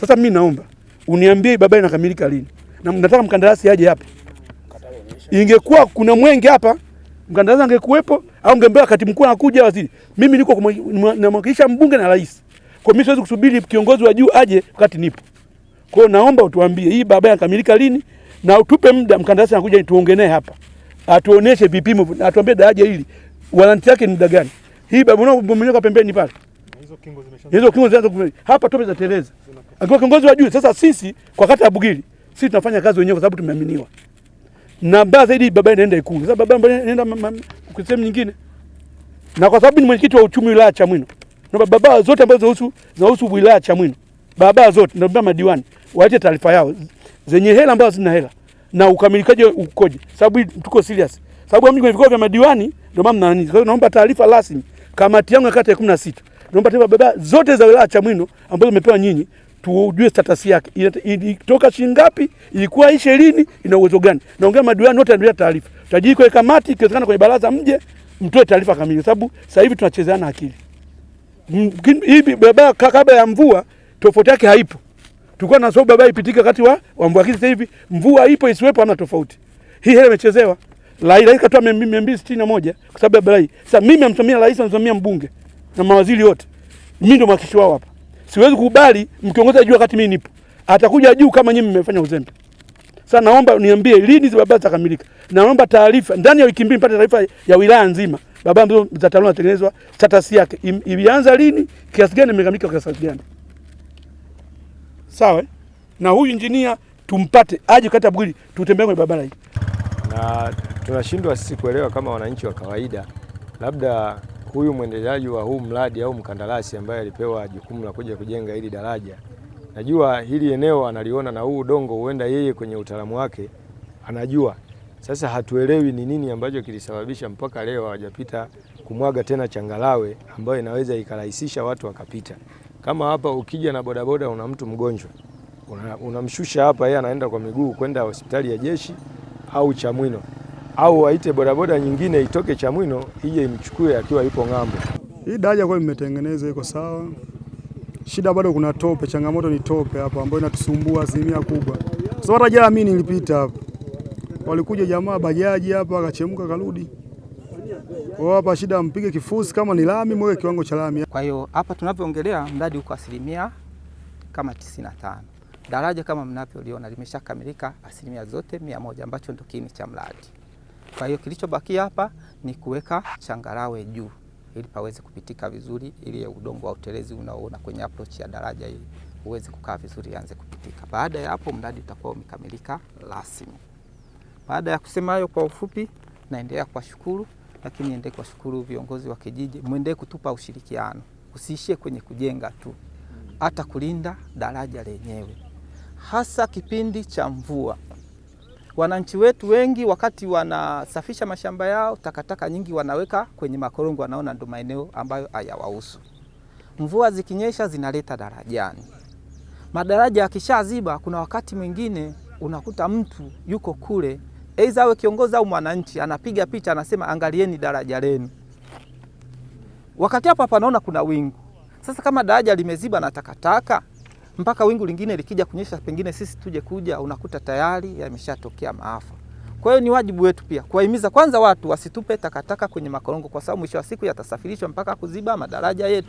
Sasa mimi naomba uniambie baba inakamilika lini, na mnataka mkandarasi aje hapa. Ingekuwa kuna mwenge hapa, mkandarasi angekuwepo au ngembewa katibu mkuu anakuja waziri. Mimi niko namwakilisha mbunge na rais, kwa mimi siwezi kusubiri kiongozi wa juu aje wakati nipo. Kwa hiyo naomba utuambie hii baba inakamilika lini, na utupe muda mkandarasi anakuja, tuongelee hapa, atuoneshe vipimo, atuambie daraja hili warranty yake ni muda gani. Hii baba barabara bomenyoka pembeni pale hizo kingo zinaanza hapa, tope zinateleza. Akiwa kiongozi wa juu sasa, sisi kwa kata ya Bugili sisi tunafanya kazi wenyewe kwa sababu tumeaminiwa, na mbaya zaidi baba anaenda Ikulu. Sasa baba anaenda sehemu nyingine, na kwa sababu ni mwenyekiti wa uchumi wilaya Chamwino, na baba zote ambazo zinahusu zinahusu wilaya Chamwino, baba zote na baba madiwani waite taarifa yao zenye hela ambazo zina hela na ukamilikaje ukoje, sababu tuko serious, sababu mimi kwenye vikao vya madiwani ndio maana mnani. Kwa hiyo naomba taarifa rasmi, kamati yangu ya kata ya kumi na sita Naomba tena baba zote za wilaya Chamwino ambazo umepewa nyinyi tujue status yake ilitoka shilingi ngapi, ilikuwa ishe lini, ina uwezo gani. Naongea madiwani wote ndio taarifa tajii kwa kamati, ikiwezekana kwenye baraza mje mtoe taarifa kamili, kwa sababu sasa hivi tunachezeana akili. Mm, hivi. Baba kabla ya mvua tofauti yake haipo, tulikuwa na sababu baba ipitika kati wa, wa mvua, lakini sasa hivi mvua ipo isiwepo, hamna tofauti. Hii hela imechezewa. Rais katoa mia mbili sitini na moja kwa sababu ya barabara Sasa mimi amsimamia rais, amsimamia mbunge na mawaziri wote, mimi ndo mwakilishi wao hapa. Siwezi kukubali mkiongoza juu wakati mimi nipo. Atakuja juu kama nyinyi mmefanya uzembe. Sasa naomba niambie lini hizo barabara zitakamilika. Naomba taarifa ndani ya wiki mbili, mpate taarifa ya wilaya nzima barabara ambazo za TARURA zinatengenezwa, status yake ilianza lini, kiasi gani imekamilika, kiasi gani. Sawa, eh? na huyu injinia tumpate aje kata Bugili, tutembee kwenye barabara hii, na tunashindwa sisi kuelewa kama wananchi wa kawaida labda huyu mwendeleaji wa huu mradi au mkandarasi ambaye alipewa jukumu la kuja kujenga hili daraja, najua hili eneo analiona na huu udongo, huenda yeye kwenye utaalamu wake anajua. Sasa hatuelewi ni nini ambacho kilisababisha mpaka leo hawajapita kumwaga tena changalawe ambayo inaweza ikarahisisha watu wakapita. Kama hapa ukija na bodaboda, una mtu mgonjwa, unamshusha una hapa, yeye anaenda kwa miguu kwenda hospitali ya jeshi au Chamwino au waite bodaboda nyingine itoke Chamwino ije imchukue akiwa yupo ng'ambo. Hii daraja kwa imetengenezwa iko sawa. Shida bado kuna tope, changamoto ni tope hapa ambayo inatusumbua asilimia kubwa. Sasa hata jana mimi nilipita hapa, walikuja jamaa bajaji hapa akachemka karudi. Kwa hiyo hapa shida, mpige kifusi, kama ni lami mweke kiwango cha lami. Kwa hiyo hapa tunavyoongelea mradi uko asilimia kama 95. Daraja kama mnavyoliona limeshakamilika asilimia zote mia moja, ambacho ndo kiini cha mradi. Kwa hiyo kilichobakia hapa ni kuweka changarawe juu ili paweze kupitika vizuri, ili udongo wa utelezi unaoona kwenye approach ya daraja hili uweze kukaa vizuri, anze kupitika. Baada ya hapo, mradi utakuwa umekamilika rasmi. Baada ya kusema hayo kwa ufupi, naendelea kuwashukuru, lakini niendelee kuwashukuru viongozi wa kijiji, mwendelee kutupa ushirikiano, usiishie kwenye kujenga tu, hata kulinda daraja lenyewe, hasa kipindi cha mvua. Wananchi wetu wengi wakati wanasafisha mashamba yao, takataka nyingi wanaweka kwenye makorongo, wanaona ndo maeneo ambayo hayawahusu. Mvua zikinyesha zinaleta darajani, madaraja yakishaziba, kuna wakati mwingine unakuta mtu yuko kule, aidha awe kiongozi au mwananchi, anapiga picha, anasema angalieni daraja lenu. Wakati hapo hapa anaona kuna wingu. Sasa kama daraja limeziba na takataka mpaka wingu lingine likija kunyesha, pengine sisi tuje kuja, unakuta tayari yameshatokea maafa. Kwa hiyo ni wajibu wetu pia kuwahimiza kwanza watu wasitupe takataka kwenye makorongo, kwa sababu mwisho wa siku yatasafirishwa mpaka kuziba madaraja yetu.